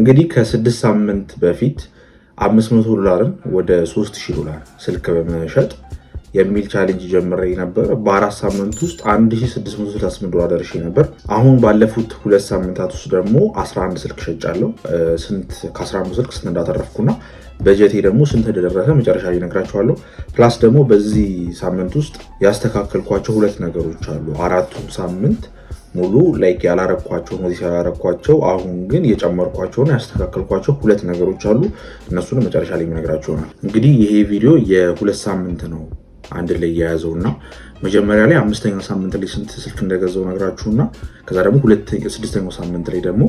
እንግዲህ ከስድስት ሳምንት በፊት 500 ዶላርን ወደ 3000 ዶላር ስልክ በመሸጥ የሚል ቻሌንጅ ጀምሬ ነበር። በአራት ሳምንት ውስጥ 1668 ዶላር ደርሼ ነበር። አሁን ባለፉት ሁለት ሳምንታት ውስጥ ደግሞ 11 ስልክ ሸጫለሁ። ስንት ከ11 ስልክ ስንት እንዳተረፍኩና በጀቴ ደግሞ ስንት እንደደረሰ መጨረሻ ላይ ፕላስ ደግሞ በዚህ ሳምንት ውስጥ ያስተካከልኳቸው ሁለት ነገሮች አሉ። አራቱም ሳምንት ሙሉ ላይክ ያላረኳቸው እነዚህ ያላረግኳቸው አሁን ግን የጨመርኳቸውና ያስተካከልኳቸው ሁለት ነገሮች አሉ። እነሱንም መጨረሻ ላይ የሚነግራቸው ይሆናል። እንግዲህ ይሄ ቪዲዮ የሁለት ሳምንት ነው አንድ ላይ የያዘው እና መጀመሪያ ላይ አምስተኛው ሳምንት ላይ ስንት ስልክ እንደገዛው ነግራችሁ እና ከዛ ደግሞ ስድስተኛው ሳምንት ላይ ደግሞ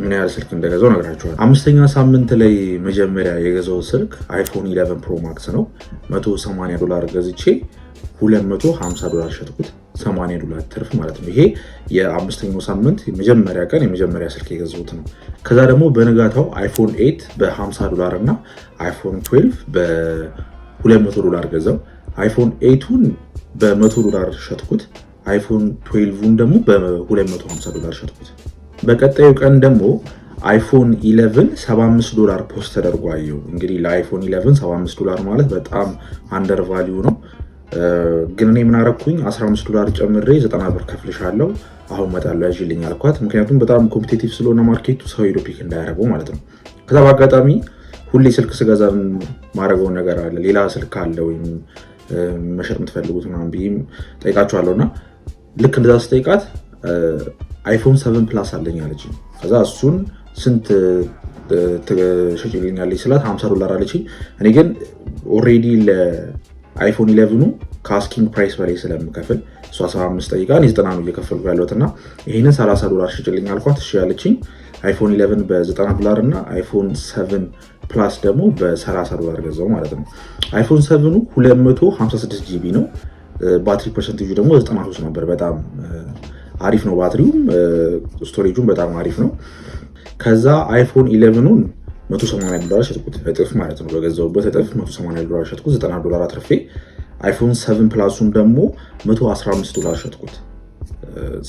ምን ያህል ስልክ እንደገዛው ነግራችኋል። አምስተኛ ሳምንት ላይ መጀመሪያ የገዛው ስልክ አይፎን 11 ፕሮ ማክስ ነው። 180 ዶላር ገዝቼ 250 ዶላር ሸጥኩት። ሰማንያ ዶላር ትርፍ ማለት ነው። ይሄ የአምስተኛው ሳምንት የመጀመሪያ ቀን የመጀመሪያ ስልክ የገዙት ነው። ከዛ ደግሞ በንጋታው አይፎን 8 በ50 ዶላር እና አይፎን 12 በ200 ዶላር ገዛው። አይፎን 8ቱን በ100 ዶላር ሸጥኩት። አይፎን 12ን ደግሞ በ250 ዶላር ሸጥኩት። በቀጣዩ ቀን ደግሞ አይፎን 11 75 ዶላር ፖስት ተደርጓየው። እንግዲህ ለአይፎን 11 75 ዶላር ማለት በጣም አንደር ቫሊዩ ነው። ግን እኔ ምናረኩኝ 15 ዶላር ጨምሬ 90 ብር ከፍልሻለሁ አሁን እመጣለሁ ያዥልኝ አልኳት። ምክንያቱም በጣም ኮምፒቴቲቭ ስለሆነ ማርኬቱ ሰው ሄዶ ፒክ እንዳያደርገው ማለት ነው። ከዛ በአጋጣሚ ሁሌ ስልክ ስገዛ ማድረገውን ነገር አለ ሌላ ስልክ አለ ወይም መሸጥ የምትፈልጉት ምናምን ብዬም ጠይቃችኋለሁ እና ልክ እንደዛ ስጠይቃት አይፎን ሰቨን ፕላስ አለኝ አለች። ከዛ እሱን ስንት ትሸጭልኛለች ስላት 50 ዶላር አለች። እኔ ግን ኦልሬዲ አይፎን ኢለቭኑ ከአስኪንግ ፕራይስ በላይ ስለምከፍል እሷ 75 ጠይቃ እኔ 90 ነው እየከፈልኩ ያለሁት እና ይህንን 30 ዶላር ሽጭልኝ አልኳት። እሺ ያለችኝ አይፎን 11 በ90 ዶላር እና አይፎን 7 ፕላስ ደግሞ በ30 ዶላር ገዛው ማለት ነው። አይፎን 7ኑ 256 ጂቢ ነው። ባትሪ ፐርሰንቴጁ ደግሞ 93 ነበር። በጣም አሪፍ ነው ባትሪውም፣ ስቶሬጁም በጣም አሪፍ ነው። ከዛ አይፎን ኢለቭኑን መቶ ሰማንያ ዶላር ሸጥኩት እጥፍ ማለት ነው። በገዛሁበት እጥፍ መቶ ሰማንያ ዶላር ሸጥኩት፣ ዘጠና ዶላር አትርፌ አይፎን ሰቨን ፕላሱን ደግሞ መቶ አስራ አምስት ዶላር ሸጥኩት፣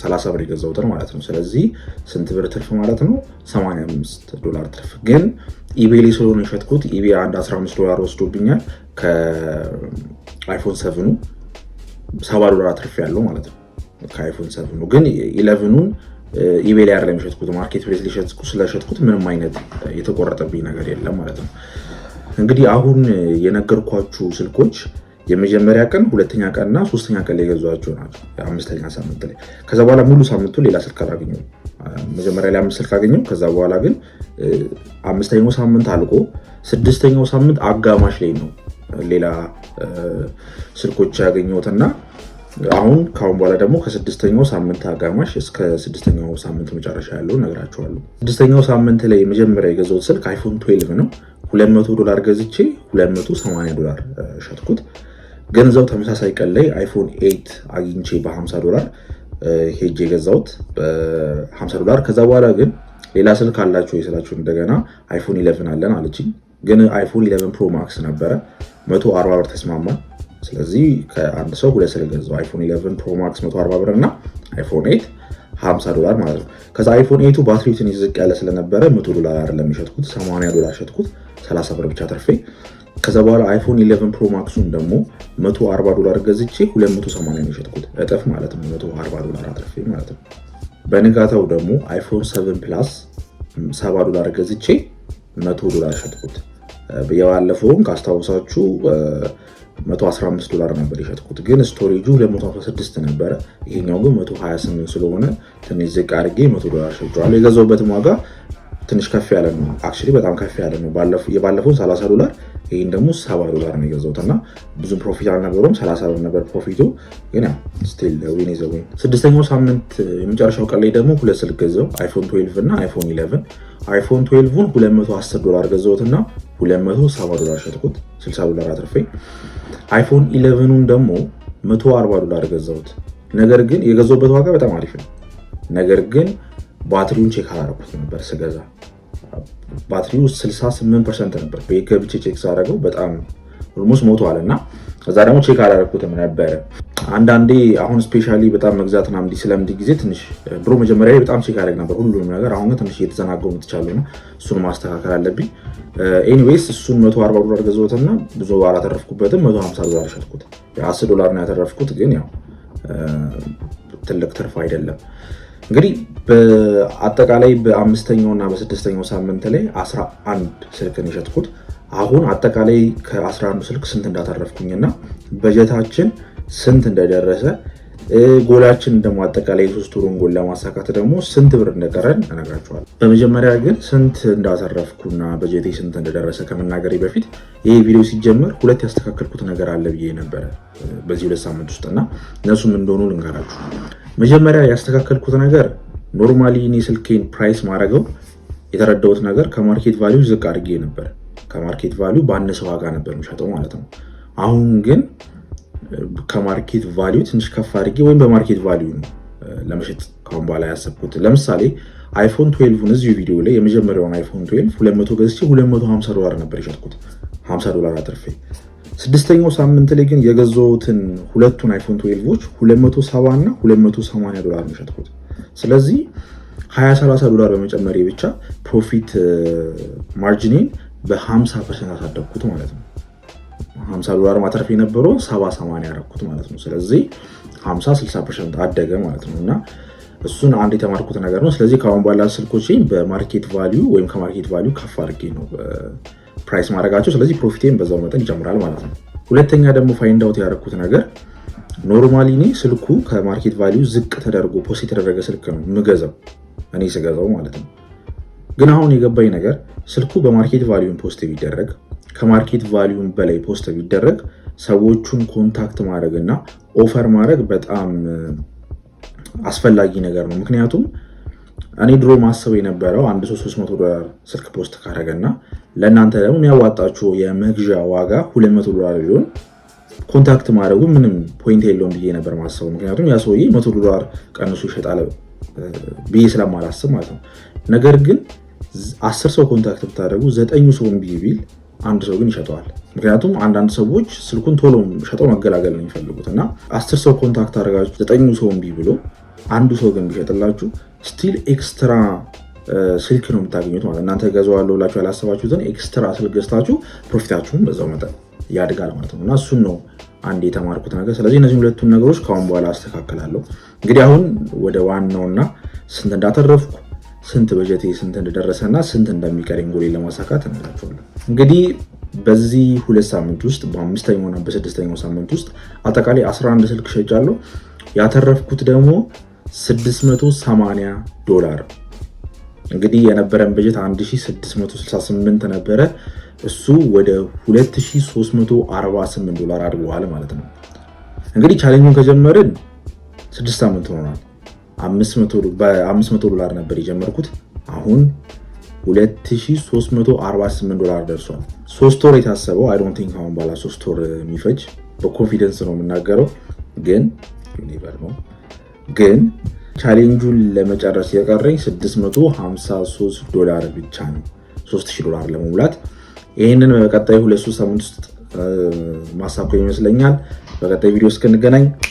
ሰላሳ ብር የገዛሁትን ማለት ነው። ስለዚህ ስንት ብር ትርፍ ማለት ነው? ሰማንያ አምስት ዶላር ትርፍ። ግን ኢቤይ ላይ ስለሆነ የሸጥኩት ኢቤይ አንድ አስራ ዶላር ወስዶብኛል ከአይፎን ሰቨኑ ሰባ ዶላር አትርፍ ያለው ማለት ነው። ከአይፎን ሰቨኑ ግን ኢለቨኑን ኢቤይ ላይ አይደለም የሸጥኩት፣ ማርኬት ፕሌስ ሊሸጥኩት ስለሸጥኩት ምንም አይነት የተቆረጠብኝ ነገር የለም ማለት ነው። እንግዲህ አሁን የነገርኳችሁ ስልኮች የመጀመሪያ ቀን፣ ሁለተኛ ቀን እና ሶስተኛ ቀን ላይ የገዟቸው ናቸው። አምስተኛ ሳምንት ላይ ከዛ በኋላ ሙሉ ሳምንቱ ሌላ ስልክ አላገኘሁም። መጀመሪያ ላይ አምስት ስልክ አገኘሁ። ከዛ በኋላ ግን አምስተኛው ሳምንት አልቆ ስድስተኛው ሳምንት አጋማሽ ላይ ነው ሌላ ስልኮች ያገኘሁት እና አሁን ከአሁን በኋላ ደግሞ ከስድስተኛው ሳምንት አጋማሽ እስከ ስድስተኛው ሳምንት መጨረሻ ያለው ነግራችኋለሁ። ስድስተኛው ሳምንት ላይ የመጀመሪያ የገዛሁት ስልክ አይፎን 12 ነው። 200 ዶላር ገዝቼ 280 ዶላር ሸጥኩት። ገንዘው ተመሳሳይ ቀን ላይ አይፎን 8 አግኝቼ በ50 ዶላር ሄጄ የገዛሁት በ50 ዶላር። ከዛ በኋላ ግን ሌላ ስልክ አላቸው የስላቸው እንደገና አይፎን 11 አለን አለችኝ። ግን አይፎን 11 ፕሮ ማክስ ነበረ 140 ብር ተስማማል። ስለዚህ ከአንድ ሰው ሁለት ስልክ ገዛው አይፎን 11 ፕሮ ማክስ 140 ብር እና አይፎን 8 50 ዶላር ማለት ነው። ከዛ አይፎን 8ቱ ባትሪው ትንሽ ዝቅ ያለ ስለነበረ 100 ዶላር አይደለም የሸጥኩት 80 ዶላር ሸጥኩት 30 ብር ብቻ ተርፌ። ከዛ በኋላ አይፎን 11 ፕሮ ማክሱን ደግሞ 140 ዶላር ገዝቼ 280 ነው የሸጥኩት እጥፍ ማለት ነው 140 ዶላር አትርፌ ማለት ነው። በንጋታው ደግሞ አይፎን 7 ፕላስ 70 ዶላር ገዝቼ 100 ዶላር ሸጥኩት የባለፈውን ካስታወሳችሁ 115 ዶላር ነበር የሸጥኩት፣ ግን ስቶሬጁ 216 ነበረ። ይሄኛው ግን 128 ስለሆነ ትንሽ ዝቅ አድርጌ 100 ዶላር ሸጬዋለሁ። የገዛውበትም ዋጋ ትንሽ ከፍ ያለ ነው። አክቹዋሊ በጣም ከፍ ያለ ነው። የባለፈውን 30 ዶላር ይህን ደግሞ 70 ዶላር ነው የገዛሁት እና ብዙም ፕሮፊት አልነበረውም። 30 ብር ነበር ፕሮፊቱ። ግን ስቲል ዊን ዘ ዊን። ስድስተኛው ሳምንት የመጨረሻው ቀን ላይ ደግሞ ሁለት ስልክ ገዛው፣ አይፎን 12 እና አይፎን 11። አይፎን 12ን 210 ዶላር ገዛሁት እና 270 ዶላር ሸጥኩት 60 ዶላር አትርፈኝ። አይፎን ኢለቨኑን ደግሞ 140 ዶላር ገዛሁት። ነገር ግን የገዛሁበት ዋጋ በጣም አሪፍ ነው። ነገር ግን ባትሪውን ቼክ አላረኩት ነበር ስገዛ ባትሪው 68 ፐርሰንት ነበር። በገብቼ ቼክ ሳደረገው በጣም ኦልሞስት ሞቷል እና ከዛ ደግሞ ቼክ አላደረኩትም ነበረ። አንዳንዴ አሁን ስፔሻሊ በጣም መግዛት ምናምን ስለምድ ጊዜ ትንሽ ድሮ መጀመሪያ በጣም ቼክ አደረግ ነበር ሁሉንም ነገር። አሁን ግን ትንሽ እየተዘናገው ምትቻሉ ነው። እሱን ማስተካከል አለብኝ። ኤኒዌይስ እሱን 140 ዶላር ገዛሁትና ብዙ አላተረፍኩበትም። 150 ዶላር ሸጥኩት። የ10 ዶላር ነው ያተረፍኩት፣ ግን ያው ትልቅ ትርፍ አይደለም። እንግዲህ በአጠቃላይ በአምስተኛው እና በስድስተኛው ሳምንት ላይ 11 ስልክን የሸጥኩት አሁን አጠቃላይ ከ11 ስልክ ስንት እንዳተረፍኩኝና በጀታችን ስንት እንደደረሰ ጎላችን ደግሞ አጠቃላይ የሶስት ሩን ጎል ለማሳካት ደግሞ ስንት ብር እንደቀረን እነግራችኋለሁ። በመጀመሪያ ግን ስንት እንዳተረፍኩና በጀቴ ስንት እንደደረሰ ከመናገሬ በፊት ይህ ቪዲዮ ሲጀመር ሁለት ያስተካከልኩት ነገር አለ ብዬ ነበረ በዚህ ሁለት ሳምንት ውስጥ እና እነሱም እንደሆኑ ልንገራችሁ። መጀመሪያ ያስተካከልኩት ነገር ኖርማሊ እኔ ስልኬን ፕራይስ ማድረገው የተረዳሁት ነገር ከማርኬት ቫሊዩ ዝቅ አድርጌ ነበር ከማርኬት ቫሊዩ ባነሰ ዋጋ ነበር የሚሸጠው ማለት ነው። አሁን ግን ከማርኬት ቫሊዩ ትንሽ ከፍ አድርጌ ወይም በማርኬት ቫሊዩ ለመሸጥ ካሁን በኋላ ያሰብኩት። ለምሳሌ አይፎን 12ን እዚሁ ቪዲዮ ላይ የመጀመሪያውን አይፎን 12 200 ገዝቼ 250 ዶላር ነበር የሸጥኩት 50 ዶላር አትርፌ። ስድስተኛው ሳምንት ላይ ግን የገዛሁትን ሁለቱን አይፎን 12ዎች 270 እና 280 ዶላር ነው የሸጥኩት። ስለዚህ 20 30 ዶላር በመጨመሬ ብቻ ፕሮፊት ማርጂኒን በ50 ፐርሰንት አሳደግኩት ማለት ነው። 50 ዶላር ማተረፍ የነበረው 70 80 ያደረኩት ማለት ነው። ስለዚህ 50 60 ፐርሰንት አደገ ማለት ነው እና እሱን አንድ የተማርኩት ነገር ነው። ስለዚህ ከአሁን ባላ ስልኮች በማርኬት ቫሊዩ ወይም ከማርኬት ቫሊዩ ከፍ አድርጌ ነው ፕራይስ ማድረጋቸው። ስለዚህ ፕሮፊቴን በዛው መጠን ይጨምራል ማለት ነው። ሁለተኛ ደግሞ ፋይንድ አውት ያደረኩት ነገር ኖርማሊ እኔ ስልኩ ከማርኬት ቫሊዩ ዝቅ ተደርጎ ፖስት የተደረገ ስልክ ነው የምገዛው እኔ ስገዛው ማለት ነው። ግን አሁን የገባኝ ነገር ስልኩ በማርኬት ቫሊዩን ፖስት ቢደረግ ከማርኬት ቫሊዩን በላይ ፖስት ቢደረግ ሰዎቹን ኮንታክት ማድረግ እና ኦፈር ማድረግ በጣም አስፈላጊ ነገር ነው። ምክንያቱም እኔ ድሮ ማሰብ የነበረው አንድ ሰው 300 ዶላር ስልክ ፖስት ካደረገ እና ለእናንተ ደግሞ የሚያዋጣችሁ የመግዣ ዋጋ 200 ዶላር ቢሆን ኮንታክት ማድረጉ ምንም ፖይንት የለውም ብዬ ነበር ማሰቡ። ምክንያቱም ያ ሰውዬ 100 ዶላር ቀንሶ ይሸጣል ብዬ ስለማላስብ ማለት ነው። ነገር ግን አስር ሰው ኮንታክት ብታደረጉ ዘጠኙ ሰው እምቢ ቢል አንድ ሰው ግን ይሸጠዋል። ምክንያቱም አንዳንድ ሰዎች ስልኩን ቶሎ ሸጠው መገላገል ነው የሚፈልጉት እና አስር ሰው ኮንታክት አድርጋችሁ ዘጠኙ ሰው እምቢ ብሎ አንዱ ሰው ግን ቢሸጥላችሁ ስቲል ኤክስትራ ስልክ ነው የምታገኙት ማለት እናንተ ገዛዋለሁ ብላችሁ ያላሰባችሁትን ኤክስትራ ስልክ ገዝታችሁ ፕሮፊታችሁን በዛው መጠን ያድጋል ማለት ነው እና እሱን ነው አንድ የተማርኩት ነገር። ስለዚህ እነዚህ ሁለቱን ነገሮች ከአሁን በኋላ አስተካክላለሁ። እንግዲህ አሁን ወደ ዋናውና ስንት እንዳተረፍኩ ስንት በጀቴ ስንት እንደደረሰና ስንት እንደሚቀረኝ ጎሌን ለማሳካት እንላቸዋለን። እንግዲህ በዚህ ሁለት ሳምንት ውስጥ በአምስተኛው እና በስድስተኛው ሳምንት ውስጥ አጠቃላይ 11 ስልክ ሸጫለሁ። ያተረፍኩት ደግሞ 680 ዶላር። እንግዲህ የነበረን በጀት 1668 ነበረ። እሱ ወደ 2348 ዶላር አድርገዋል ማለት ነው። እንግዲህ ቻሌንጁን ከጀመርን ስድስት ሳምንት ሆኗል። በ500 ዶላር ነበር የጀመርኩት። አሁን 2348 ዶላር ደርሷል። ሶስት ወር የታሰበው አይ ዶንት ቲንክ አሁን ባላ ሶስት ወር የሚፈጅ በኮንፊደንስ ነው የምናገረው። ግን ዩኒቨር ነው ግን ቻሌንጁን ለመጨረስ የቀረኝ 653 ዶላር ብቻ ነው 3000 ዶላር ለመሙላት። ይህንን በቀጣይ ሁለት ሶስት ሳምንት ውስጥ ማሳኮ ይመስለኛል። በቀጣይ ቪዲዮ እስክንገናኝ